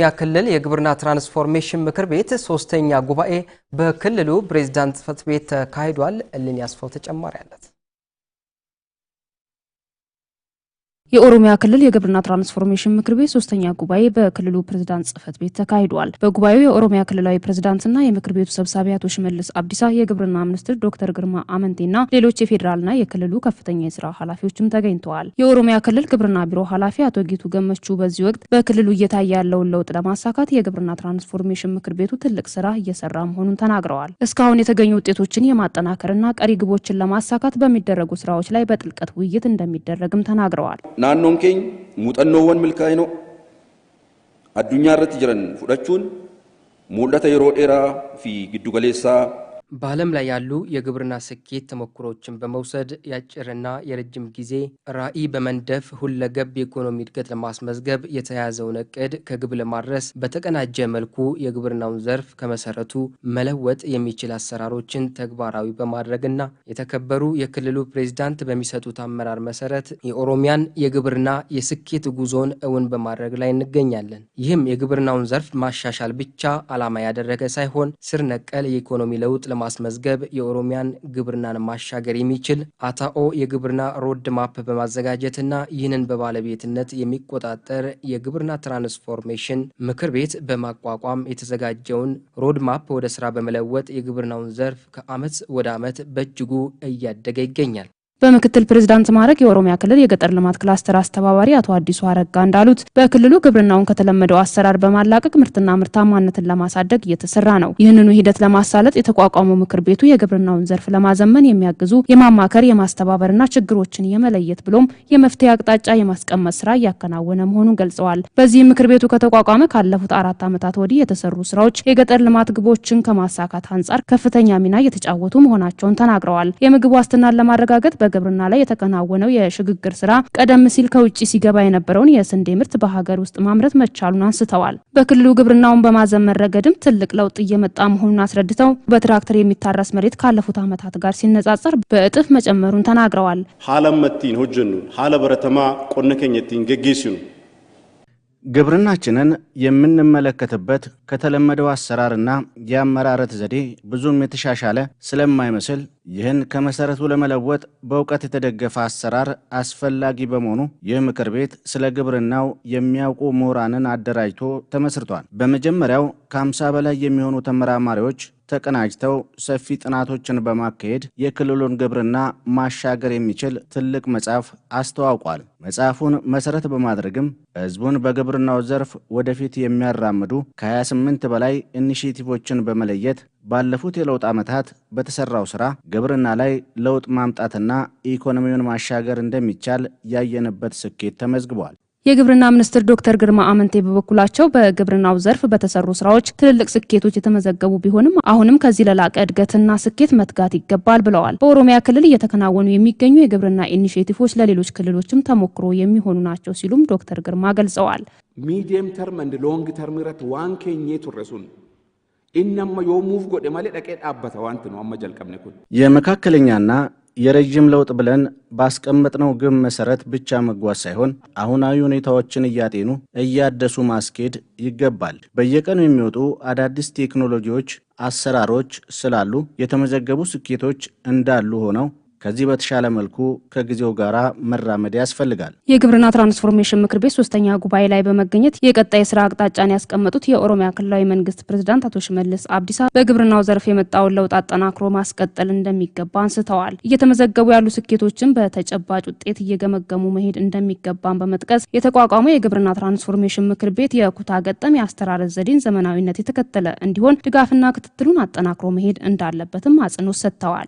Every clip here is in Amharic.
የኦሮሚያ ክልል የግብርና ትራንስፎርሜሽን ምክር ቤት ሶስተኛ ጉባኤ በክልሉ ፕሬዚዳንት ጽሕፈት ቤት ተካሂዷል። እልን ያስፈው ተጨማሪ አለት የኦሮሚያ ክልል የግብርና ትራንስፎርሜሽን ምክር ቤት ሶስተኛ ጉባኤ በክልሉ ፕሬዝዳንት ጽህፈት ቤት ተካሂዷል። በጉባኤው የኦሮሚያ ክልላዊ ፕሬዝዳንትና የምክር ቤቱ ሰብሳቢ አቶ ሽመልስ አብዲሳ፣ የግብርና ሚኒስትር ዶክተር ግርማ አመንቴና ሌሎች የፌዴራልና የክልሉ ከፍተኛ የስራ ኃላፊዎችም ተገኝተዋል። የኦሮሚያ ክልል ግብርና ቢሮ ኃላፊ አቶ ጌቱ ገመቹ በዚህ ወቅት በክልሉ እየታየ ያለውን ለውጥ ለማሳካት የግብርና ትራንስፎርሜሽን ምክር ቤቱ ትልቅ ስራ እየሰራ መሆኑን ተናግረዋል። እስካሁን የተገኙ ውጤቶችን የማጠናከርና ቀሪ ግቦችን ለማሳካት በሚደረጉ ስራዎች ላይ በጥልቀት ውይይት እንደሚደረግም ተናግረዋል። naannoon keenya muuxannoowwan milkaa'inoo addunyaa irratti jiran fudhachuun mul'ata yeroo dheeraa fi giddugaleessaa በዓለም ላይ ያሉ የግብርና ስኬት ተሞክሮዎችን በመውሰድ የአጭርና የረጅም ጊዜ ራዕይ በመንደፍ ሁለገብ የኢኮኖሚ እድገት ለማስመዝገብ የተያዘውን እቅድ ከግብ ለማድረስ በተቀናጀ መልኩ የግብርናውን ዘርፍ ከመሰረቱ መለወጥ የሚችል አሰራሮችን ተግባራዊ በማድረግና የተከበሩ የክልሉ ፕሬዚዳንት በሚሰጡት አመራር መሰረት የኦሮሚያን የግብርና የስኬት ጉዞን እውን በማድረግ ላይ እንገኛለን። ይህም የግብርናውን ዘርፍ ማሻሻል ብቻ ዓላማ ያደረገ ሳይሆን ስር ነቀል የኢኮኖሚ ለውጥ በማስመዝገብ የኦሮሚያን ግብርናን ማሻገር የሚችል አታኦ የግብርና ሮድ ማፕ በማዘጋጀትና ይህንን በባለቤትነት የሚቆጣጠር የግብርና ትራንስፎርሜሽን ምክር ቤት በማቋቋም የተዘጋጀውን ሮድ ማፕ ወደ ስራ በመለወጥ የግብርናውን ዘርፍ ከዓመት ወደ ዓመት በእጅጉ እያደገ ይገኛል። በምክትል ፕሬዝዳንት ማዕረግ የኦሮሚያ ክልል የገጠር ልማት ክላስተር አስተባባሪ አቶ አዲሱ አረጋ እንዳሉት በክልሉ ግብርናውን ከተለመደው አሰራር በማላቀቅ ምርትና ምርታማነትን ለማሳደግ እየተሰራ ነው። ይህንኑ ሂደት ለማሳለጥ የተቋቋመው ምክር ቤቱ የግብርናውን ዘርፍ ለማዘመን የሚያግዙ የማማከር የማስተባበርና ችግሮችን የመለየት ብሎም የመፍትሄ አቅጣጫ የማስቀመጥ ስራ እያከናወነ መሆኑን ገልጸዋል። በዚህ ምክር ቤቱ ከተቋቋመ ካለፉት አራት ዓመታት ወዲህ የተሰሩ ስራዎች የገጠር ልማት ግቦችን ከማሳካት አንጻር ከፍተኛ ሚና እየተጫወቱ መሆናቸውን ተናግረዋል። የምግብ ዋስትናን ለማረጋገጥ በግብርና ላይ የተከናወነው የሽግግር ስራ ቀደም ሲል ከውጭ ሲገባ የነበረውን የስንዴ ምርት በሀገር ውስጥ ማምረት መቻሉን አንስተዋል። በክልሉ ግብርናውን በማዘመን ረገድም ትልቅ ለውጥ እየመጣ መሆኑን አስረድተው በትራክተር የሚታረስ መሬት ካለፉት ዓመታት ጋር ሲነጻጸር በእጥፍ መጨመሩን ተናግረዋል። ሀለመቲን ሆጀኑ ሀለ በረተማ ቆነከኝቲን ገጌሲኑ ግብርናችንን የምንመለከትበት ከተለመደው አሰራርና የአመራረት ዘዴ ብዙም የተሻሻለ ስለማይመስል ይህን ከመሰረቱ ለመለወጥ በእውቀት የተደገፈ አሰራር አስፈላጊ በመሆኑ ይህ ምክር ቤት ስለ ግብርናው የሚያውቁ ምሁራንን አደራጅቶ ተመስርቷል። በመጀመሪያው ከ50 በላይ የሚሆኑ ተመራማሪዎች ተቀናጅተው ሰፊ ጥናቶችን በማካሄድ የክልሉን ግብርና ማሻገር የሚችል ትልቅ መጽሐፍ አስተዋውቋል። መጽሐፉን መሠረት በማድረግም ሕዝቡን በግብርናው ዘርፍ ወደፊት የሚያራምዱ ከ28 በላይ ኢኒሽቲቮችን በመለየት ባለፉት የለውጥ ዓመታት በተሠራው ሥራ ግብርና ላይ ለውጥ ማምጣትና ኢኮኖሚውን ማሻገር እንደሚቻል ያየንበት ስኬት ተመዝግቧል። የግብርና ሚኒስትር ዶክተር ግርማ አመንቴ በበኩላቸው በግብርናው ዘርፍ በተሰሩ ስራዎች ትልልቅ ስኬቶች የተመዘገቡ ቢሆንም አሁንም ከዚህ ለላቀ እድገትና ስኬት መትጋት ይገባል ብለዋል። በኦሮሚያ ክልል እየተከናወኑ የሚገኙ የግብርና ኢኒሽቲቮች ለሌሎች ክልሎችም ተሞክሮ የሚሆኑ ናቸው ሲሉም ዶክተር ግርማ ገልጸዋል። ሚዲየም ተርም እንድ ሎንግ ተርም ረት ዋን ኬኜ ቱረሱን እናማ ዮሙቭ ጎደ ማሌ ደቄ ዳበተ ዋንት ነው አመጀልቀምኔ የመካከለኛና የረዥም ለውጥ ብለን ባስቀመጥነው ግብ መሰረት ብቻ መጓዝ ሳይሆን አሁናዊ ሁኔታዎችን እያጤኑ እያደሱ ማስኬድ ይገባል። በየቀኑ የሚወጡ አዳዲስ ቴክኖሎጂዎች፣ አሰራሮች ስላሉ የተመዘገቡ ስኬቶች እንዳሉ ሆነው ከዚህ በተሻለ መልኩ ከጊዜው ጋራ መራመድ ያስፈልጋል። የግብርና ትራንስፎርሜሽን ምክር ቤት ሶስተኛ ጉባኤ ላይ በመገኘት የቀጣይ ስራ አቅጣጫን ያስቀመጡት የኦሮሚያ ክልላዊ መንግስት ፕሬዚዳንት አቶ ሽመልስ አብዲሳ በግብርናው ዘርፍ የመጣውን ለውጥ አጠናክሮ ማስቀጠል እንደሚገባ አንስተዋል። እየተመዘገቡ ያሉ ስኬቶችን በተጨባጭ ውጤት እየገመገሙ መሄድ እንደሚገባን በመጥቀስ የተቋቋመው የግብርና ትራንስፎርሜሽን ምክር ቤት የኩታ ገጠም የአስተራረስ ዘዴን ዘመናዊነት የተከተለ እንዲሆን ድጋፍና ክትትሉን አጠናክሮ መሄድ እንዳለበትም አጽንኦት ሰጥተዋል።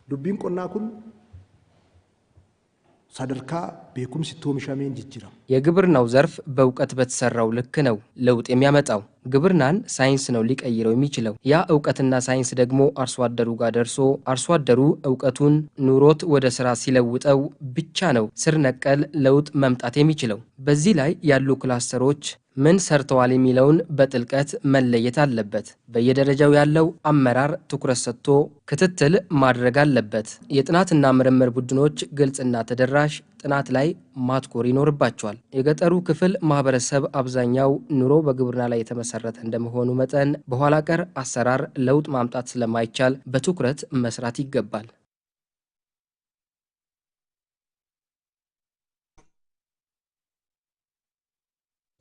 ሳደርካ ቤኩምሲት ኦሚሻሜን ጅጅራም የግብርናው ዘርፍ በእውቀት በተሰራው ልክ ነው ለውጥ የሚያመጣው። ግብርናን ሳይንስ ነው ሊቀይረው የሚችለው። ያ እውቀትና ሳይንስ ደግሞ አርሶ አደሩ ጋር ደርሶ አርሶ አደሩ እውቀቱን ኑሮት ወደ ስራ ሲለውጠው ብቻ ነው ስር ነቀል ለውጥ መምጣት የሚችለው። በዚህ ላይ ያሉ ክላስተሮች ምን ሰርተዋል የሚለውን በጥልቀት መለየት አለበት። በየደረጃው ያለው አመራር ትኩረት ሰጥቶ ክትትል ማድረግ አለበት። የጥናትና ምርምር ቡድኖች ግልጽና ተደራሽ ጥናት ላይ ማትኮር ይኖርባቸዋል። የገጠሩ ክፍል ማህበረሰብ አብዛኛው ኑሮ በግብርና ላይ የተመሰረተ እንደመሆኑ መጠን በኋላ ቀር አሰራር ለውጥ ማምጣት ስለማይቻል በትኩረት መስራት ይገባል።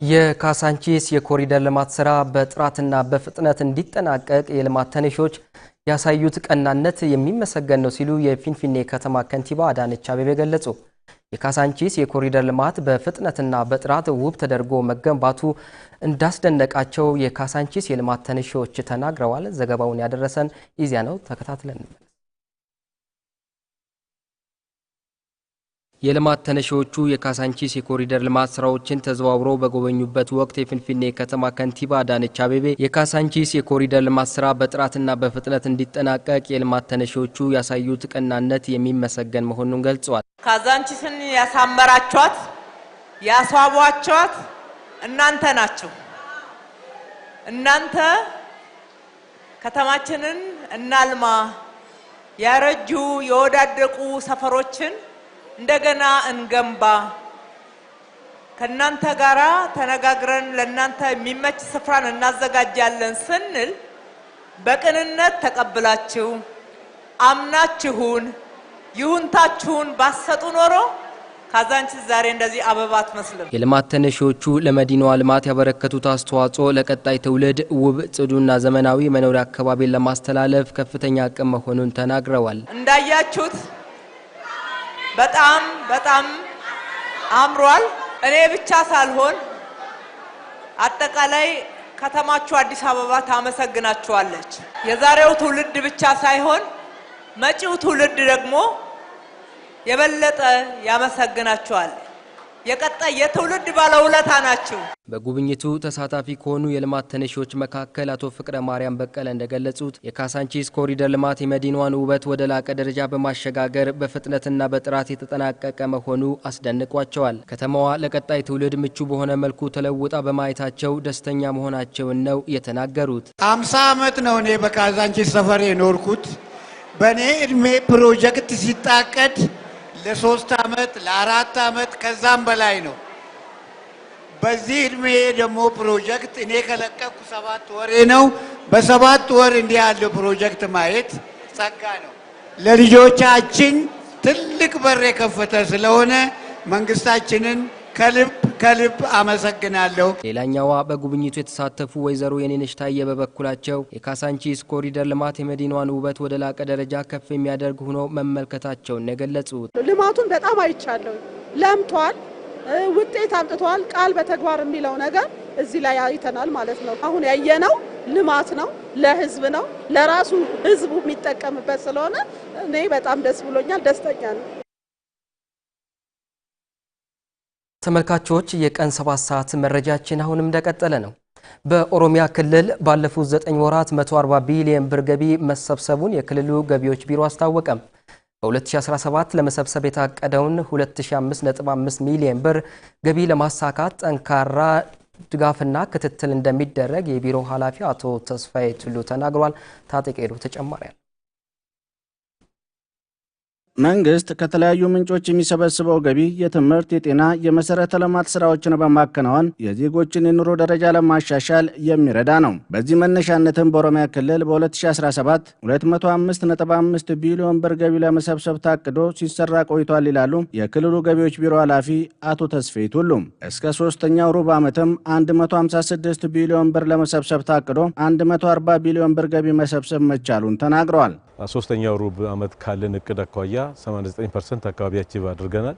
የካሳንቺስ የኮሪደር ልማት ስራ በጥራትና በፍጥነት እንዲጠናቀቅ የልማት ተነሺዎች ያሳዩት ቀናነት የሚመሰገን ነው ሲሉ የፊንፊኔ ከተማ ከንቲባ አዳነች አቤቤ ገለጹ። የካሳንቺስ የኮሪደር ልማት በፍጥነትና በጥራት ውብ ተደርጎ መገንባቱ እንዳስደነቃቸው የካሳንቺስ የልማት ተነሺዎች ተናግረዋል። ዘገባውን ያደረሰን ኢዚያ ነው። ተከታትለን የልማት ተነሺዎቹ የካሳንቺስ የኮሪደር ልማት ስራዎችን ተዘዋውረው በጎበኙበት ወቅት የፍንፍኔ ከተማ ከንቲባ አዳነች አቤቤ የካሳንቺስ የኮሪደር ልማት ስራ በጥራትና በፍጥነት እንዲጠናቀቅ የልማት ተነሺዎቹ ያሳዩት ቀናነት የሚመሰገን መሆኑን ገልጸዋል። ካዛንቺስን ያሳመራችኋት ያስዋቧችኋት እናንተ ናችሁ። እናንተ ከተማችንን እናልማ ያረጁ የወዳደቁ ሰፈሮችን እንደገና እንገንባ። ከእናንተ ጋራ ተነጋግረን ለእናንተ የሚመች ስፍራን እናዘጋጃለን ስንል በቅንነት ተቀብላችሁ አምናችሁን ይሁንታችሁን ባሰጡ ኖሮ ካዛንች ዛሬ እንደዚህ አበባ አትመስልም። የልማት ተነሺዎቹ ለመዲናዋ ልማት ያበረከቱት አስተዋጽኦ ለቀጣይ ትውልድ ውብ ጽዱና ዘመናዊ መኖሪያ አካባቢን ለማስተላለፍ ከፍተኛ አቅም መሆኑን ተናግረዋል። እንዳያችሁት በጣም በጣም አምሯል። እኔ ብቻ ሳልሆን አጠቃላይ ከተማችሁ አዲስ አበባ ታመሰግናችኋለች። የዛሬው ትውልድ ብቻ ሳይሆን መጪው ትውልድ ደግሞ የበለጠ ያመሰግናችኋል። የቀጣይ የትውልድ ባለውለታ ናቸው። በጉብኝቱ ተሳታፊ ከሆኑ የልማት ተነሺዎች መካከል አቶ ፍቅረ ማርያም በቀለ እንደገለጹት የካሳንቺስ ኮሪደር ልማት የመዲናዋን ውበት ወደ ላቀ ደረጃ በማሸጋገር በፍጥነትና በጥራት የተጠናቀቀ መሆኑ አስደንቋቸዋል። ከተማዋ ለቀጣይ ትውልድ ምቹ በሆነ መልኩ ተለውጣ በማየታቸው ደስተኛ መሆናቸውን ነው የተናገሩት። አምሳ ዓመት ነው እኔ በካዛንቺስ ሰፈር የኖርኩት። በእኔ እድሜ ፕሮጀክት ሲጣቀድ! ለሶስት አመት ለአራት አመት ከዛም በላይ ነው። በዚህ እድሜ ደግሞ ፕሮጀክት እኔ ከለቀኩ ሰባት ወሬ ነው። በሰባት ወር እንዲህ ያለው ፕሮጀክት ማየት ጸጋ ነው። ለልጆቻችን ትልቅ በር የከፈተ ስለሆነ መንግስታችንን ከልብ ከልብ አመሰግናለሁ። ሌላኛዋ በጉብኝቱ የተሳተፉ ወይዘሮ የኔነሽ ታየ በበኩላቸው የካሳንቺስ ኮሪደር ልማት የመዲናዋን ውበት ወደ ላቀ ደረጃ ከፍ የሚያደርግ ሆኖ መመልከታቸውን የገለጹት ልማቱን በጣም አይቻለሁ። ለምቷል፣ ውጤት አምጥቷል። ቃል በተግባር የሚለው ነገር እዚህ ላይ አይተናል ማለት ነው። አሁን ያየነው ልማት ነው፣ ለህዝብ ነው፣ ለራሱ ህዝቡ የሚጠቀምበት ስለሆነ እኔ በጣም ደስ ብሎኛል፣ ደስተኛ ነው። ተመልካቾች የቀን 7 ሰዓት መረጃችን አሁንም እንደቀጠለ ነው። በኦሮሚያ ክልል ባለፉት 9 ወራት 140 ቢሊዮን ብር ገቢ መሰብሰቡን የክልሉ ገቢዎች ቢሮ አስታወቀም። በ2017 ለመሰብሰብ የታቀደውን 205.5 ሚሊዮን ብር ገቢ ለማሳካት ጠንካራ ድጋፍና ክትትል እንደሚደረግ የቢሮው ኃላፊ አቶ ተስፋዬ ቱሉ ተናግሯል። ታጠቄ ሄዱ ተጨማሪ መንግስት ከተለያዩ ምንጮች የሚሰበስበው ገቢ የትምህርት፣ የጤና፣ የመሰረተ ልማት ስራዎችን በማከናወን የዜጎችን የኑሮ ደረጃ ለማሻሻል የሚረዳ ነው። በዚህ መነሻነትም በኦሮሚያ ክልል በ2017 205.5 ቢሊዮን ብር ገቢ ለመሰብሰብ ታቅዶ ሲሰራ ቆይቷል ይላሉ የክልሉ ገቢዎች ቢሮ ኃላፊ አቶ ተስፌ ቱሉ። እስከ ሶስተኛው ሩብ ዓመትም 156 ቢሊዮን ብር ለመሰብሰብ ታቅዶ 140 ቢሊዮን ብር ገቢ መሰብሰብ መቻሉን ተናግረዋል። ሶስተኛው ሩብ አመት ካለን እቅድ አኳያ 89 ፐርሰንት አካባቢ አቺቭ አድርገናል።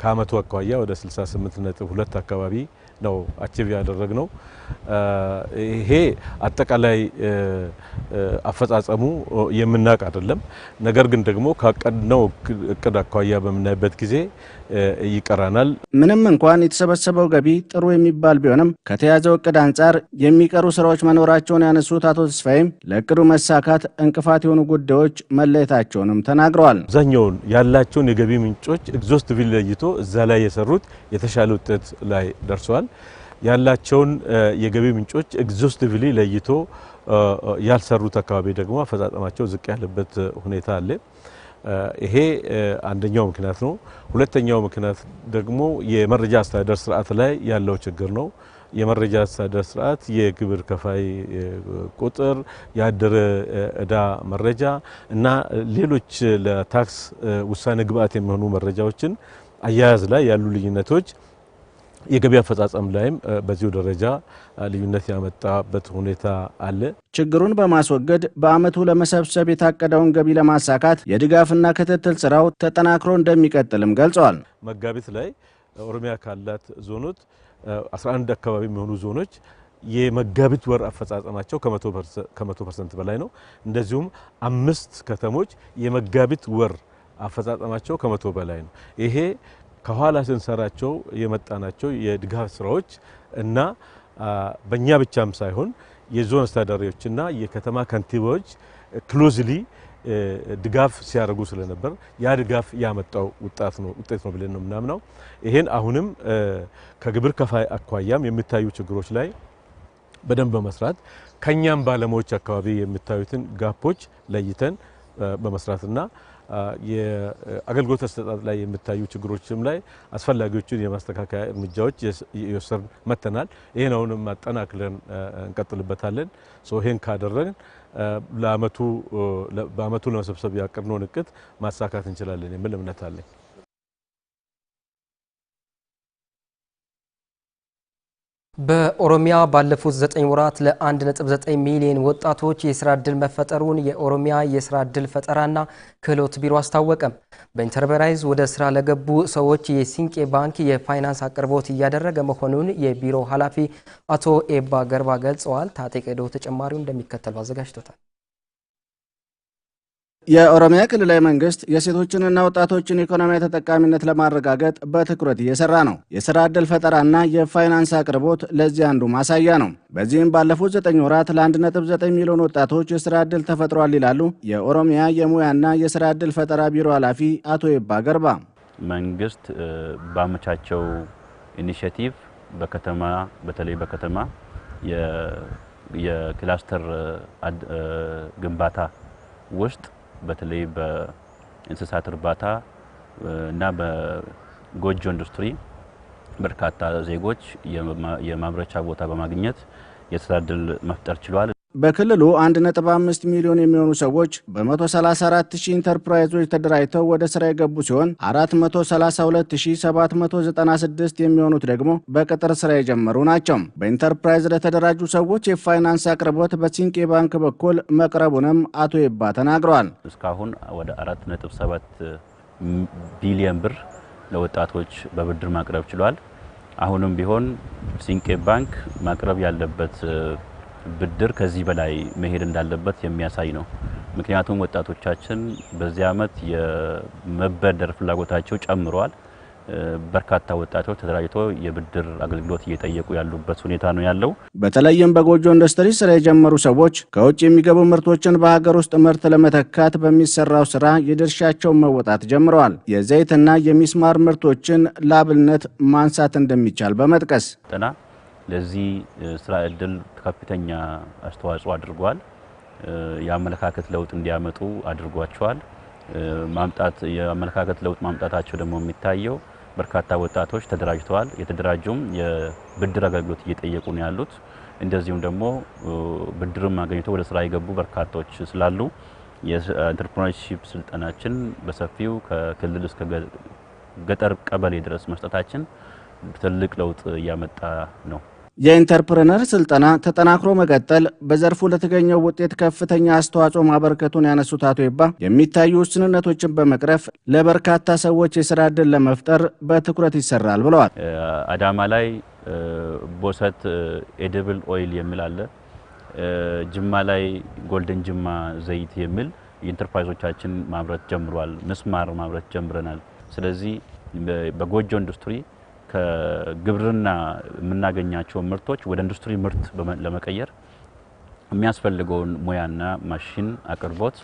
ከአመቱ አኳያ ወደ 68 ነጥብ ሁለት አካባቢ ነው አቺቭ ያደረግነው። ይሄ አጠቃላይ አፈጻጸሙ የምናውቅ አይደለም። ነገር ግን ደግሞ ካቀድነው እቅድ አኳያ በምናይበት ጊዜ ይቀራናል። ምንም እንኳን የተሰበሰበው ገቢ ጥሩ የሚባል ቢሆንም ከተያዘው እቅድ አንጻር የሚቀሩ ስራዎች መኖራቸውን ያነሱት አቶ ተስፋይም ለእቅዱ መሳካት እንቅፋት የሆኑ ጉዳዮች መለየታቸውንም ተናግረዋል። አብዛኛውን ያላቸውን የገቢ ምንጮች ቪል ለይቶ እዛ ላይ የሰሩት የተሻለ ውጤት ላይ ደርሰዋል። ያላቸውን የገቢ ምንጮች ኤግዞስቲቭሊ ለይቶ ያልሰሩት አካባቢ ደግሞ አፈጻጸማቸው ዝቅ ያለበት ሁኔታ አለ። ይሄ አንደኛው ምክንያት ነው። ሁለተኛው ምክንያት ደግሞ የመረጃ አስተዳደር ስርዓት ላይ ያለው ችግር ነው። የመረጃ አስተዳደር ስርዓት የግብር ከፋይ ቁጥር፣ ያደረ እዳ መረጃ እና ሌሎች ለታክስ ውሳኔ ግብዓት የሚሆኑ መረጃዎችን አያያዝ ላይ ያሉ ልዩነቶች የገቢ አፈጻጸም ላይም በዚሁ ደረጃ ልዩነት ያመጣበት ሁኔታ አለ። ችግሩን በማስወገድ በዓመቱ ለመሰብሰብ የታቀደውን ገቢ ለማሳካት የድጋፍና ክትትል ስራው ተጠናክሮ እንደሚቀጥልም ገልጸዋል። መጋቢት ላይ ኦሮሚያ ካላት ዞኖች 11 አካባቢ የሚሆኑ ዞኖች የመጋቢት ወር አፈጻጸማቸው ከመቶ ፐርሰንት በላይ ነው። እንደዚሁም አምስት ከተሞች የመጋቢት ወር አፈጻጸማቸው ከመቶ በላይ ነው። ይሄ ከኋላ ስንሰራቸው የመጣናቸው የድጋፍ ስራዎች እና በእኛ ብቻም ሳይሆን የዞን አስተዳዳሪዎችና የከተማ ከንቲባዎች ክሎዝሊ ድጋፍ ሲያደርጉ ስለነበር ያ ድጋፍ ያመጣው ውጤት ነው ውጤት ነው ብለን ነው የምናምነው። ይሄን አሁንም ከግብር ከፋይ አኳያም የሚታዩ ችግሮች ላይ በደንብ በመስራት ከኛም ባለሙያዎች አካባቢ የሚታዩትን ጋፖች ለይተን በመስራትና የአገልግሎት አሰጣጥ ላይ የሚታዩ ችግሮችም ላይ አስፈላጊዎቹን የማስተካከያ እርምጃዎች የወሰድን መጥተናል። ይህን አሁንም አጠናክለን እንቀጥልበታለን። ይህን ካደረግን በአመቱ ለመሰብሰብ ያቀድነውን እቅድ ማሳካት እንችላለን የሚል እምነት አለኝ። በኦሮሚያ ባለፉት ዘጠኝ ወራት ለ1.9 ሚሊዮን ወጣቶች የስራ እድል መፈጠሩን የኦሮሚያ የስራ እድል ፈጠራና ክህሎት ቢሮ አስታወቀም። በኢንተርፕራይዝ ወደ ስራ ለገቡ ሰዎች የሲንቄ ባንክ የፋይናንስ አቅርቦት እያደረገ መሆኑን የቢሮ ኃላፊ አቶ ኤባ ገርባ ገልጸዋል። ታጠቅ ተጨማሪው እንደሚከተለው አዘጋጅቶታል። የኦሮሚያ ክልላዊ መንግስት የሴቶችንና ወጣቶችን ኢኮኖሚያዊ ተጠቃሚነት ለማረጋገጥ በትኩረት እየሰራ ነው። የስራ ዕድል ፈጠራና የፋይናንስ አቅርቦት ለዚህ አንዱ ማሳያ ነው። በዚህም ባለፉት ዘጠኝ ወራት ለ1.9 ሚሊዮን ወጣቶች የስራ ዕድል ተፈጥሯል ይላሉ የኦሮሚያ የሙያና የስራ ዕድል ፈጠራ ቢሮ ኃላፊ አቶ ይባ ገርባ። መንግስት ባመቻቸው ኢኒሽቲቭ በከተማ በተለይ በከተማ የክላስተር ግንባታ ውስጥ በተለይ በእንስሳት እርባታ እና በጎጆ ኢንዱስትሪ በርካታ ዜጎች የማምረቻ ቦታ በማግኘት የስራ እድል መፍጠር ችሏል። በክልሉ 1.5 ሚሊዮን የሚሆኑ ሰዎች በ134 ሺህ ኢንተርፕራይዞች ተደራጅተው ወደ ስራ የገቡ ሲሆን 432796 የሚሆኑት ደግሞ በቅጥር ስራ የጀመሩ ናቸው። በኢንተርፕራይዝ ለተደራጁ ሰዎች የፋይናንስ አቅርቦት በሲንቄ ባንክ በኩል መቅረቡንም አቶ ይባ ተናግረዋል። እስካሁን ወደ 4.7 ቢሊዮን ብር ለወጣቶች በብድር ማቅረብ ችሏል። አሁንም ቢሆን ሲንቄ ባንክ ማቅረብ ያለበት ብድር ከዚህ በላይ መሄድ እንዳለበት የሚያሳይ ነው። ምክንያቱም ወጣቶቻችን በዚህ ዓመት የመበደር ፍላጎታቸው ጨምሯል። በርካታ ወጣቶች ተደራጅቶ የብድር አገልግሎት እየጠየቁ ያሉበት ሁኔታ ነው ያለው። በተለይም በጎጆ ኢንዱስትሪ ስራ የጀመሩ ሰዎች ከውጭ የሚገቡ ምርቶችን በሀገር ውስጥ ምርት ለመተካት በሚሰራው ስራ የድርሻቸውን መወጣት ጀምረዋል። የዘይትና የሚስማር ምርቶችን ለአብነት ማንሳት እንደሚቻል በመጥቀስ ለዚህ ስራ እድል ከፍተኛ አስተዋጽኦ አድርጓል። የአመለካከት ለውጥ እንዲያመጡ አድርጓቸዋል። ማምጣት የአመለካከት ለውጥ ማምጣታቸው ደግሞ የሚታየው በርካታ ወጣቶች ተደራጅተዋል። የተደራጁም የብድር አገልግሎት እየጠየቁ ነው ያሉት። እንደዚሁም ደግሞ ብድርም አገኝቶ ወደ ስራ የገቡ በርካቶች ስላሉ የኢንተርፕርነርሺፕ ስልጠናችን በሰፊው ከክልል እስከ ገጠር ቀበሌ ድረስ መስጠታችን ትልቅ ለውጥ እያመጣ ነው። የኢንተርፕረነር ስልጠና ተጠናክሮ መቀጠል በዘርፉ ለተገኘው ውጤት ከፍተኛ አስተዋጽኦ ማበረከቱን ያነሱት አቶ ይባ የሚታዩ ውስንነቶችን በመቅረፍ ለበርካታ ሰዎች የስራ እድል ለመፍጠር በትኩረት ይሰራል ብለዋል። አዳማ ላይ ቦሰት ኤድብል ኦይል የሚል አለ። ጅማ ላይ ጎልደን ጅማ ዘይት የሚል ኢንተርፕራይዞቻችን ማምረት ጀምሯል። ምስማር ማምረት ጀምረናል። ስለዚህ በጎጆ ኢንዱስትሪ ከግብርና የምናገኛቸውን ምርቶች ወደ ኢንዱስትሪ ምርት ለመቀየር የሚያስፈልገውን ሙያና ማሽን አቅርቦት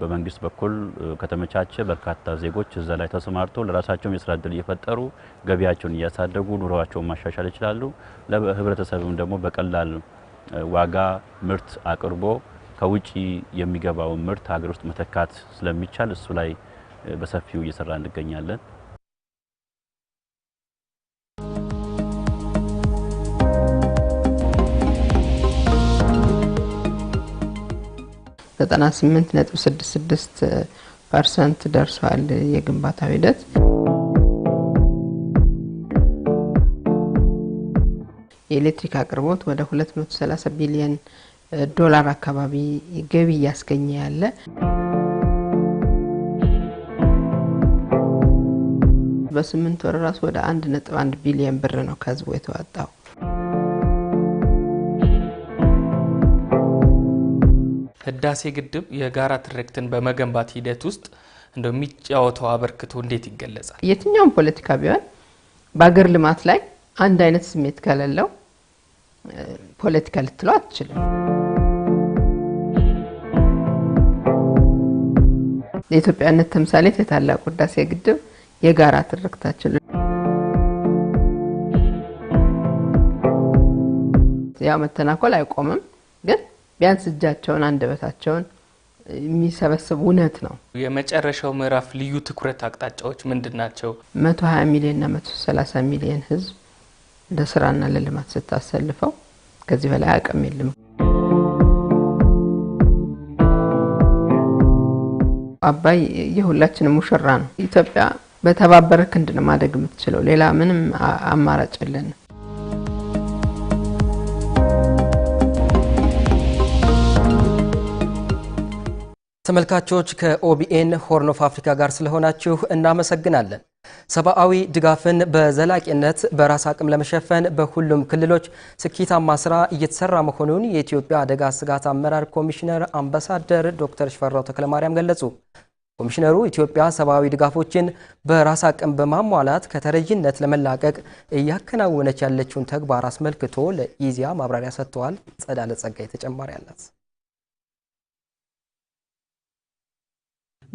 በመንግስት በኩል ከተመቻቸ በርካታ ዜጎች እዛ ላይ ተሰማርተው ለራሳቸውም የስራ እድል እየፈጠሩ ገቢያቸውን እያሳደጉ ኑሮቸውን ማሻሻል ይችላሉ። ለህብረተሰብም ደግሞ በቀላል ዋጋ ምርት አቅርቦ ከውጭ የሚገባውን ምርት ሀገር ውስጥ መተካት ስለሚቻል እሱ ላይ በሰፊው እየሰራ እንገኛለን። 98.66 ፐርሰንት ደርሷል የግንባታው ሂደት። የኤሌክትሪክ አቅርቦት ወደ 230 ቢሊዮን ዶላር አካባቢ ገቢ እያስገኘ ያለ በስምንት ወር ራሱ ወደ አንድ ነጥብ አንድ ቢሊዮን ብር ነው ከህዝቡ የተዋጣው። ህዳሴ ግድብ የጋራ ትርክትን በመገንባት ሂደት ውስጥ ሚጫወተው አበርክቶ እንዴት ይገለጻል? የትኛውም ፖለቲካ ቢሆን በአገር ልማት ላይ አንድ አይነት ስሜት ከሌለው ፖለቲካ ልትለው አትችልም። የኢትዮጵያነት ተምሳሌት የታላቁ ህዳሴ ግድብ የጋራ ትርክታችን ያው መተናኮል አይቆምም ግን ቢያንስ እጃቸውን አንደበታቸውን የሚሰበስብ እውነት ነው። የመጨረሻው ምዕራፍ ልዩ ትኩረት አቅጣጫዎች ምንድን ናቸው? መቶ ሀያ ና መቶ ሰላሳ ሚሊዮን ህዝብ ለስራና ለልማት ስታሰልፈው ከዚህ በላይ አቅም የለም። አባይ የሁላችንም ሙሽራ ነው። ኢትዮጵያ በተባበረ ክንድ ነው ማደግ የምትችለው። ሌላ ምንም አማራጭ የለንም። ተመልካቾች ከኦቢኤን ሆርን ኦፍ አፍሪካ ጋር ስለሆናችሁ እናመሰግናለን። ሰብአዊ ድጋፍን በዘላቂነት በራስ አቅም ለመሸፈን በሁሉም ክልሎች ስኬታማ ስራ እየተሰራ መሆኑን የኢትዮጵያ አደጋ ስጋት አመራር ኮሚሽነር አምባሳደር ዶክተር ሽፈራው ተክለማርያም ገለጹ። ኮሚሽነሩ ኢትዮጵያ ሰብአዊ ድጋፎችን በራስ አቅም በማሟላት ከተረጅነት ለመላቀቅ እያከናወነች ያለችውን ተግባር አስመልክቶ ለኢዜአ ማብራሪያ ሰጥተዋል። ጸዳለ ጸጋይ ተጨማሪ አላት።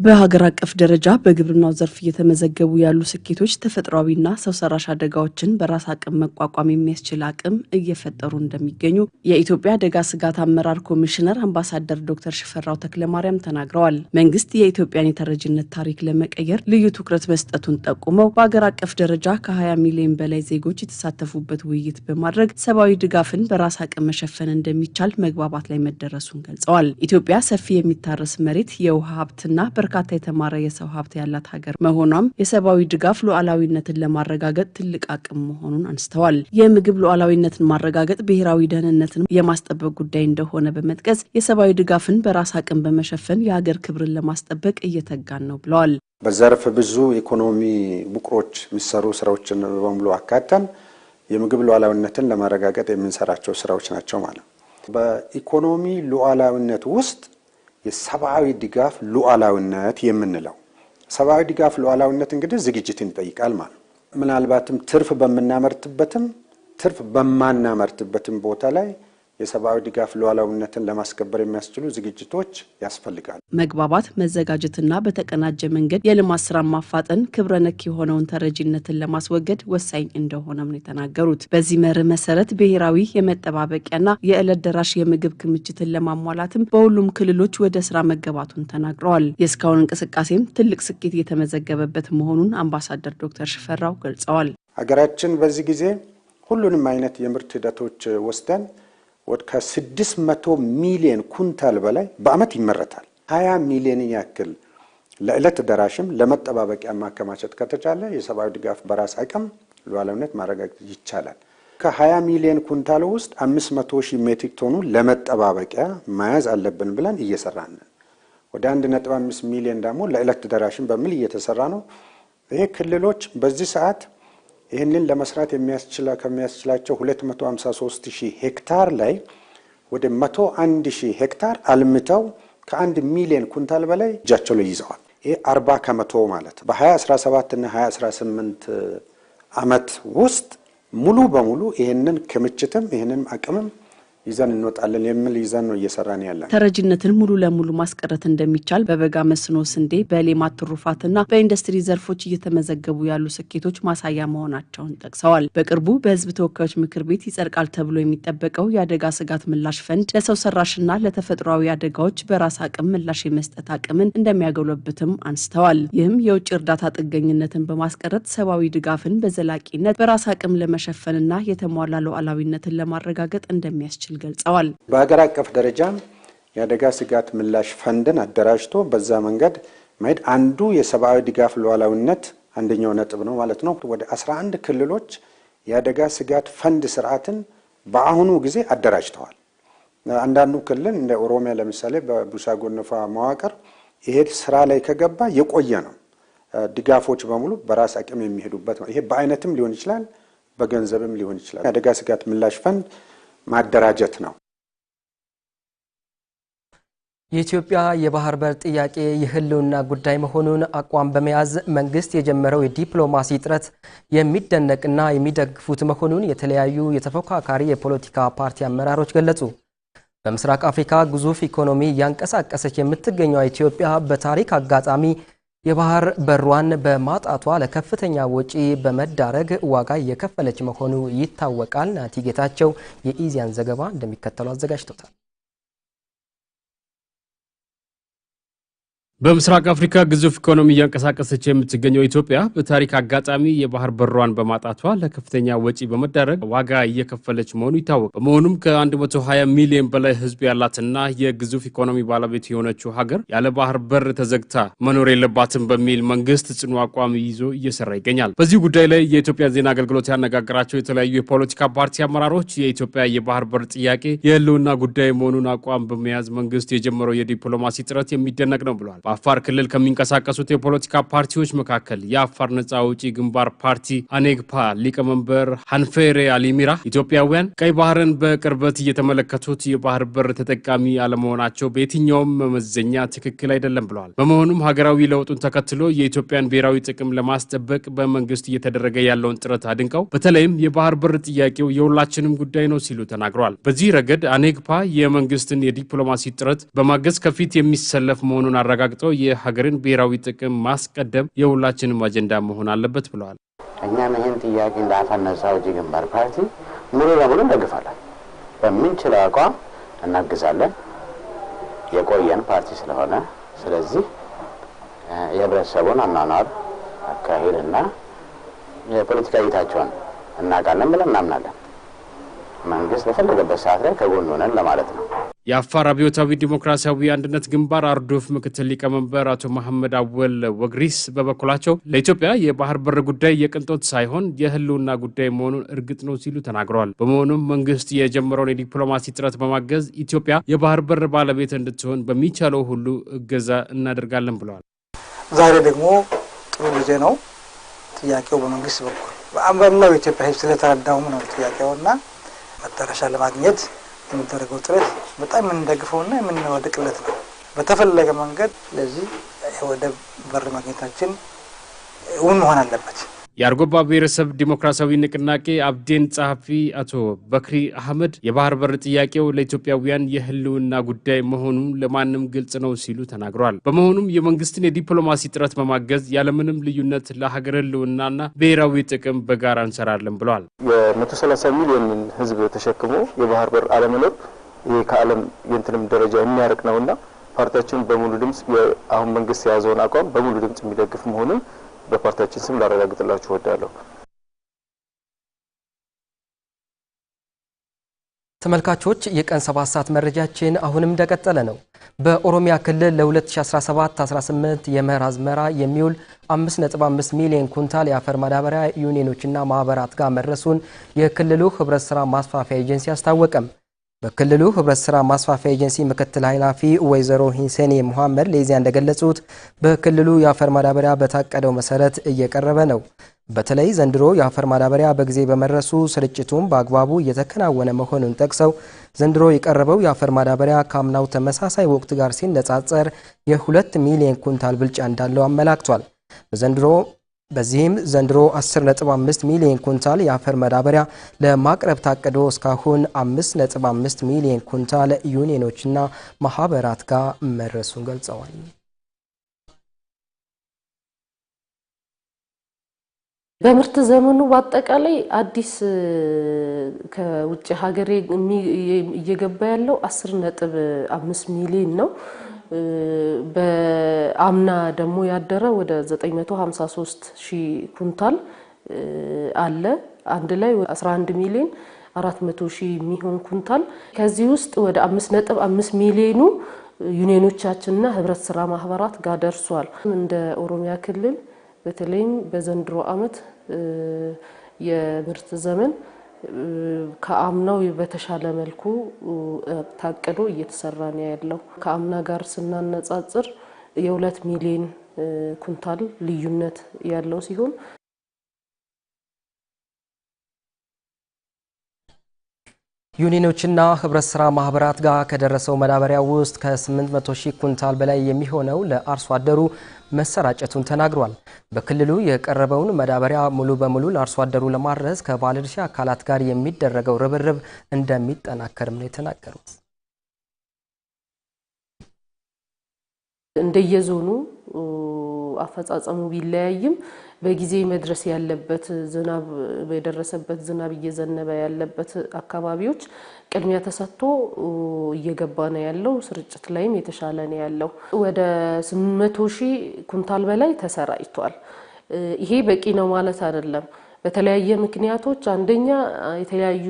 በሀገር አቀፍ ደረጃ በግብርናው ዘርፍ እየተመዘገቡ ያሉ ስኬቶች ተፈጥሯዊና ሰው ሰራሽ አደጋዎችን በራስ አቅም መቋቋም የሚያስችል አቅም እየፈጠሩ እንደሚገኙ የኢትዮጵያ አደጋ ስጋት አመራር ኮሚሽነር አምባሳደር ዶክተር ሽፈራው ተክለማርያም ተናግረዋል። መንግስት የኢትዮጵያን የተረጅነት ታሪክ ለመቀየር ልዩ ትኩረት መስጠቱን ጠቁመው በሀገር አቀፍ ደረጃ ከ20 ሚሊዮን በላይ ዜጎች የተሳተፉበት ውይይት በማድረግ ሰብአዊ ድጋፍን በራስ አቅም መሸፈን እንደሚቻል መግባባት ላይ መደረሱን ገልጸዋል። ኢትዮጵያ ሰፊ የሚታረስ መሬት፣ የውሃ ሀብትና በርካታ የተማረ የሰው ሀብት ያላት ሀገር መሆኗም የሰብአዊ ድጋፍ ሉዓላዊነትን ለማረጋገጥ ትልቅ አቅም መሆኑን አንስተዋል። የምግብ ሉዓላዊነትን ማረጋገጥ ብሔራዊ ደህንነትን የማስጠበቅ ጉዳይ እንደሆነ በመጥቀስ የሰብአዊ ድጋፍን በራስ አቅም በመሸፈን የሀገር ክብርን ለማስጠበቅ እየተጋን ነው ብለዋል። በዘርፍ ብዙ ኢኮኖሚ ቡቅሮች የሚሰሩ ስራዎችን በሙሉ አካተን የምግብ ሉዓላዊነትን ለማረጋገጥ የምንሰራቸው ስራዎች ናቸው ማለት በኢኮኖሚ ሉዓላዊነት ውስጥ የሰብአዊ ድጋፍ ሉዓላዊነት የምንለው ሰብአዊ ድጋፍ ሉዓላዊነት እንግዲህ ዝግጅትን ይጠይቃል ማለት ምናልባትም ትርፍ በምናመርትበትም ትርፍ በማናመርትበትም ቦታ ላይ የሰብአዊ ድጋፍ ሉዓላዊነትን ለማስከበር የሚያስችሉ ዝግጅቶች ያስፈልጋል። መግባባት፣ መዘጋጀትና በተቀናጀ መንገድ የልማት ስራ ማፋጠን ክብረ ነክ የሆነውን ተረጂነትን ለማስወገድ ወሳኝ እንደሆነም ነው የተናገሩት። በዚህ መርህ መሰረት ብሔራዊ የመጠባበቂያና የዕለት ደራሽ የምግብ ክምችትን ለማሟላትም በሁሉም ክልሎች ወደ ስራ መገባቱን ተናግረዋል። የእስካሁን እንቅስቃሴም ትልቅ ስኬት የተመዘገበበት መሆኑን አምባሳደር ዶክተር ሽፈራው ገልጸዋል። ሀገራችን በዚህ ጊዜ ሁሉንም አይነት የምርት ሂደቶች ወስደን ከስድስት 600 ሚሊዮን ኩንታል በላይ በአመት ይመረታል። 20 ሚሊዮን ያክል ለዕለት ደራሽም ለመጠባበቂያ ማከማቸት ከተቻለ የሰብአዊ ድጋፍ በራስ አቅም ሉዓላዊነት ማረጋገጥ ይቻላል። ከ20 ሚሊዮን ኩንታል ውስጥ 500 ሺህ ሜትሪክ ቶኑ ለመጠባበቂያ መያዝ አለብን ብለን እየሰራን ወደ 1.5 ሚሊዮን ደግሞ ለዕለት ደራሽም በሚል እየተሰራ ነው። ይሄ ክልሎች በዚህ ሰዓት ይህንን ለመስራት ከሚያስችላቸው 253 ሺህ ሄክታር ላይ ወደ 101 ሺህ ሄክታር አልምተው ከአንድ ሚሊዮን ኩንታል በላይ እጃቸው ላይ ይዘዋል። ይህ 40 ከመቶ ማለት በ2017 እና 2018 ዓመት ውስጥ ሙሉ በሙሉ ይህንን ክምችትም ይህንን አቅምም ይዘን እንወጣለን የሚል ይዘን ነው እየሰራን ያለ። ተረጂነትን ሙሉ ለሙሉ ማስቀረት እንደሚቻል በበጋ መስኖ ስንዴ፣ በሌማት ትሩፋትና በኢንዱስትሪ ዘርፎች እየተመዘገቡ ያሉ ስኬቶች ማሳያ መሆናቸውን ጠቅሰዋል። በቅርቡ በህዝብ ተወካዮች ምክር ቤት ይጸድቃል ተብሎ የሚጠበቀው የአደጋ ስጋት ምላሽ ፈንድ ለሰው ሰራሽና ለተፈጥሯዊ አደጋዎች በራስ አቅም ምላሽ የመስጠት አቅምን እንደሚያጎለብትም አንስተዋል። ይህም የውጭ እርዳታ ጥገኝነትን በማስቀረት ሰብአዊ ድጋፍን በዘላቂነት በራስ አቅም ለመሸፈንና የተሟላ ሉዓላዊነትን ለማረጋገጥ እንደሚያስችል ገልጸዋል። በሀገር አቀፍ ደረጃ የአደጋ ስጋት ምላሽ ፈንድን አደራጅቶ በዛ መንገድ መሄድ አንዱ የሰብአዊ ድጋፍ ሉዓላዊነት አንደኛው ነጥብ ነው ማለት ነው። ወደ 11 ክልሎች የአደጋ ስጋት ፈንድ ስርዓትን በአሁኑ ጊዜ አደራጅተዋል። አንዳንዱ ክልል እንደ ኦሮሚያ ለምሳሌ በቡሳ ጎነፋ መዋቅር ይሄ ስራ ላይ ከገባ የቆየ ነው። ድጋፎች በሙሉ በራስ አቅም የሚሄዱበት ነው። ይሄ በአይነትም ሊሆን ይችላል፣ በገንዘብም ሊሆን ይችላል። የአደጋ ስጋት ምላሽ ፈንድ ማደራጀት ነው። የኢትዮጵያ የባህር በር ጥያቄ የህልውና ጉዳይ መሆኑን አቋም በመያዝ መንግስት የጀመረው የዲፕሎማሲ ጥረት የሚደነቅና የሚደግፉት መሆኑን የተለያዩ የተፎካካሪ የፖለቲካ ፓርቲ አመራሮች ገለጹ። በምስራቅ አፍሪካ ግዙፍ ኢኮኖሚ እያንቀሳቀሰች የምትገኘው ኢትዮጵያ በታሪክ አጋጣሚ የባህር በሯን በማጣቷ ለከፍተኛ ወጪ በመዳረግ ዋጋ እየከፈለች መሆኑ ይታወቃል። ናቲ ጌታቸው የኢዚያን ዘገባ እንደሚከተሉ አዘጋጅቶታል። በምስራቅ አፍሪካ ግዙፍ ኢኮኖሚ እያንቀሳቀሰች የምትገኘው ኢትዮጵያ በታሪክ አጋጣሚ የባህር በሯን በማጣቷ ለከፍተኛ ወጪ በመዳረግ ዋጋ እየከፈለች መሆኑ ይታወቃል። በመሆኑም ከ120 ሚሊዮን በላይ ሕዝብ ያላትና የግዙፍ ኢኮኖሚ ባለቤት የሆነችው ሀገር ያለ ባህር በር ተዘግታ መኖር የለባትም በሚል መንግስት ጽኑ አቋም ይዞ እየሰራ ይገኛል። በዚህ ጉዳይ ላይ የኢትዮጵያ ዜና አገልግሎት ያነጋገራቸው የተለያዩ የፖለቲካ ፓርቲ አመራሮች የኢትዮጵያ የባህር በር ጥያቄ የህልውና ጉዳይ መሆኑን አቋም በመያዝ መንግስት የጀመረው የዲፕሎማሲ ጥረት የሚደነቅ ነው ብለዋል። በአፋር ክልል ከሚንቀሳቀሱት የፖለቲካ ፓርቲዎች መካከል የአፋር ነጻ አውጪ ግንባር ፓርቲ አኔግፓ ሊቀመንበር ሀንፌሬ አሊሚራ ኢትዮጵያውያን ቀይ ባህርን በቅርበት እየተመለከቱት የባህር በር ተጠቃሚ አለመሆናቸው በየትኛውም መመዘኛ ትክክል አይደለም ብለዋል። በመሆኑም ሀገራዊ ለውጡን ተከትሎ የኢትዮጵያን ብሔራዊ ጥቅም ለማስጠበቅ በመንግስት እየተደረገ ያለውን ጥረት አድንቀው በተለይም የባህር በር ጥያቄው የሁላችንም ጉዳይ ነው ሲሉ ተናግረዋል። በዚህ ረገድ አኔግፓ የመንግስትን የዲፕሎማሲ ጥረት በማገዝ ከፊት የሚሰለፍ መሆኑን አረጋግጠ አረጋግጦ የሀገርን ብሔራዊ ጥቅም ማስቀደም የሁላችንም አጀንዳ መሆን አለበት ብለዋል። እኛም ይህን ጥያቄ እንዳፈነሳው እጅ ግንባር ፓርቲ ሙሉ ለሙሉ እንደግፋለን። በምንችለው አቋም እናግዛለን። የቆየን ፓርቲ ስለሆነ ስለዚህ የህብረተሰቡን አኗኗር አካሄድና የፖለቲካ እይታቸውን እናውቃለን ብለን እናምናለን። መንግስት በፈለገበት ሰዓት ላይ ከጎን ሆነን ለማለት ነው። የአፋር አብዮታዊ ዲሞክራሲያዊ አንድነት ግንባር አርዶፍ ምክትል ሊቀመንበር አቶ መሐመድ አወል ወግሪስ በበኩላቸው ለኢትዮጵያ የባህር በር ጉዳይ የቅንጦት ሳይሆን የህልውና ጉዳይ መሆኑን እርግጥ ነው ሲሉ ተናግረዋል። በመሆኑም መንግስት የጀመረውን የዲፕሎማሲ ጥረት በማገዝ ኢትዮጵያ የባህር በር ባለቤት እንድትሆን በሚቻለው ሁሉ እገዛ እናደርጋለን ብለዋል። ዛሬ ደግሞ ጥሩ ጊዜ ነው። ጥያቄው በመንግስት በኩል በአንባላው የኢትዮጵያ ህዝብ ስለተረዳውም ነው እና መጠረሻ ለማግኘት የሚደረገው ጥረት በጣም የምንደግፈው ና የምንወደቅለት ነው። በተፈለገ መንገድ ለዚህ ወደብ በር ማግኘታችን እውን መሆን አለበት። የአርጎባ ብሔረሰብ ዲሞክራሲያዊ ንቅናቄ አብዴን ጸሐፊ አቶ በክሪ አህመድ የባህር በር ጥያቄው ለኢትዮጵያውያን የህልውና ጉዳይ መሆኑ ለማንም ግልጽ ነው ሲሉ ተናግረዋል። በመሆኑም የመንግስትን የዲፕሎማሲ ጥረት በማገዝ ያለምንም ልዩነት ለሀገር ህልውናና ብሔራዊ ጥቅም በጋራ እንሰራለን ብለዋል። የ130 ሚሊዮን ህዝብ ተሸክሞ የባህር በር አለመኖር ይህ ከዓለም የንትንም ደረጃ የሚያርቅ ነውና ፓርቲያችን በሙሉ ድምጽ አሁን መንግስት የያዘውን አቋም በሙሉ ድምጽ የሚደግፍ መሆኑን በፓርቲያችን ስም ላረጋግጥላችሁ እወዳለሁ። ተመልካቾች የቀን 7 ሰዓት መረጃችን አሁንም እንደቀጠለ ነው። በኦሮሚያ ክልል ለ2017-18 የመኸር አዝመራ የሚውል 5.5 ሚሊዮን ኩንታል የአፈር ማዳበሪያ ዩኒየኖችና ማህበራት ጋር መድረሱን የክልሉ ህብረት ስራ ማስፋፊያ ኤጀንሲ አስታወቀም። በክልሉ ህብረት ስራ ማስፋፊያ ኤጀንሲ ምክትል ኃላፊ ወይዘሮ ሂንሴኔ ሙሐመድ ለዚያ እንደገለጹት በክልሉ የአፈር ማዳበሪያ በታቀደው መሰረት እየቀረበ ነው። በተለይ ዘንድሮ የአፈር ማዳበሪያ በጊዜ በመድረሱ ስርጭቱም በአግባቡ እየተከናወነ መሆኑን ጠቅሰው ዘንድሮ የቀረበው የአፈር ማዳበሪያ ከአምናው ተመሳሳይ ወቅት ጋር ሲነጻጸር የሁለት ሚሊዮን ኩንታል ብልጫ እንዳለው አመላክቷል። በዘንድሮ በዚህም ዘንድሮ 10.5 ሚሊዮን ኩንታል የአፈር መዳበሪያ ለማቅረብ ታቅዶ እስካሁን 5.5 ሚሊዮን ኩንታል ዩኒየኖችና ማህበራት ጋር መድረሱን ገልጸዋል። በምርት ዘመኑ በአጠቃላይ አዲስ ከውጭ ሀገር እየገባ ያለው 10.5 ሚሊዮን ነው። በአምና ደግሞ ያደረ ወደ 953 ሺህ ኩንታል አለ። አንድ ላይ 11 ሚሊዮን 400 ሺህ የሚሆን ኩንታል ከዚህ ውስጥ ወደ 5.5 ሚሊዮኑ ዩኒዮኖቻችንና ህብረት ስራ ማህበራት ጋር ደርሷል። እንደ ኦሮሚያ ክልል በተለይም በዘንድሮ ዓመት የምርት ዘመን ከአምናው በተሻለ መልኩ ታቅዶ እየተሰራ ነው ያለው። ከአምና ጋር ስናነጻጽር የሁለት ሚሊዮን ኩንታል ልዩነት ያለው ሲሆን ዩኒኖችና ህብረት ስራ ማህበራት ጋር ከደረሰው መዳበሪያ ውስጥ ከ800 ሺህ ኩንታል በላይ የሚሆነው ለአርሶ አደሩ መሰራጨቱን ተናግሯል። በክልሉ የቀረበውን መዳበሪያ ሙሉ በሙሉ ለአርሶ አደሩ ለማድረስ ከባለድርሻ አካላት ጋር የሚደረገው ርብርብ እንደሚጠናከርም ነው የተናገሩት። እንደየዞኑ አፈጻጸሙ ቢለያይም በጊዜ መድረስ ያለበት ዝናብ የደረሰበት ዝናብ እየዘነበ ያለበት አካባቢዎች ቅድሚያ ተሰጥቶ እየገባ ነው ያለው። ስርጭት ላይም የተሻለ ነው ያለው። ወደ ስምንት መቶ ሺህ ኩንታል በላይ ተሰራጭቷል። ይሄ በቂ ነው ማለት አይደለም። በተለያየ ምክንያቶች አንደኛ የተለያዩ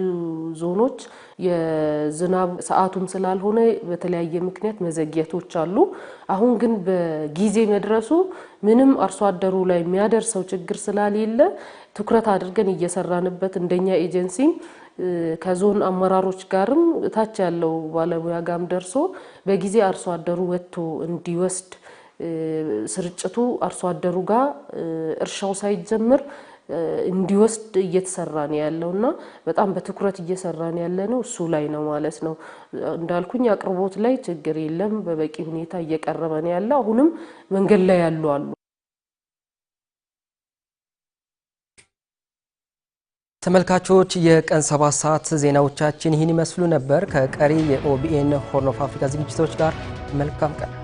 ዞኖች የዝናብ ሰዓቱም ስላልሆነ በተለያየ ምክንያት መዘግየቶች አሉ። አሁን ግን በጊዜ መድረሱ ምንም አርሶ አደሩ ላይ የሚያደርሰው ችግር ስላሌለ ትኩረት አድርገን እየሰራንበት እንደኛ ኤጀንሲም ከዞን አመራሮች ጋርም እታች ያለው ባለሙያ ጋርም ደርሶ በጊዜ አርሶ አደሩ ወጥቶ እንዲወስድ ስርጭቱ አርሶ አደሩ ጋር እርሻው ሳይጀምር እንዲወስድ እየተሰራ ነው ያለው እና በጣም በትኩረት እየሰራ ነው ያለ ነው እሱ ላይ ነው ማለት ነው። እንዳልኩኝ አቅርቦት ላይ ችግር የለም፣ በበቂ ሁኔታ እየቀረበ ነው ያለ። አሁንም መንገድ ላይ ያሉ አሉ። ተመልካቾች የቀን ሰባት ሰዓት ዜናዎቻችን ይህን ይመስሉ ነበር። ከቀሪ የኦቢኤን ሆርን ኦፍ አፍሪካ ዝግጅቶች ጋር መልካም ቀን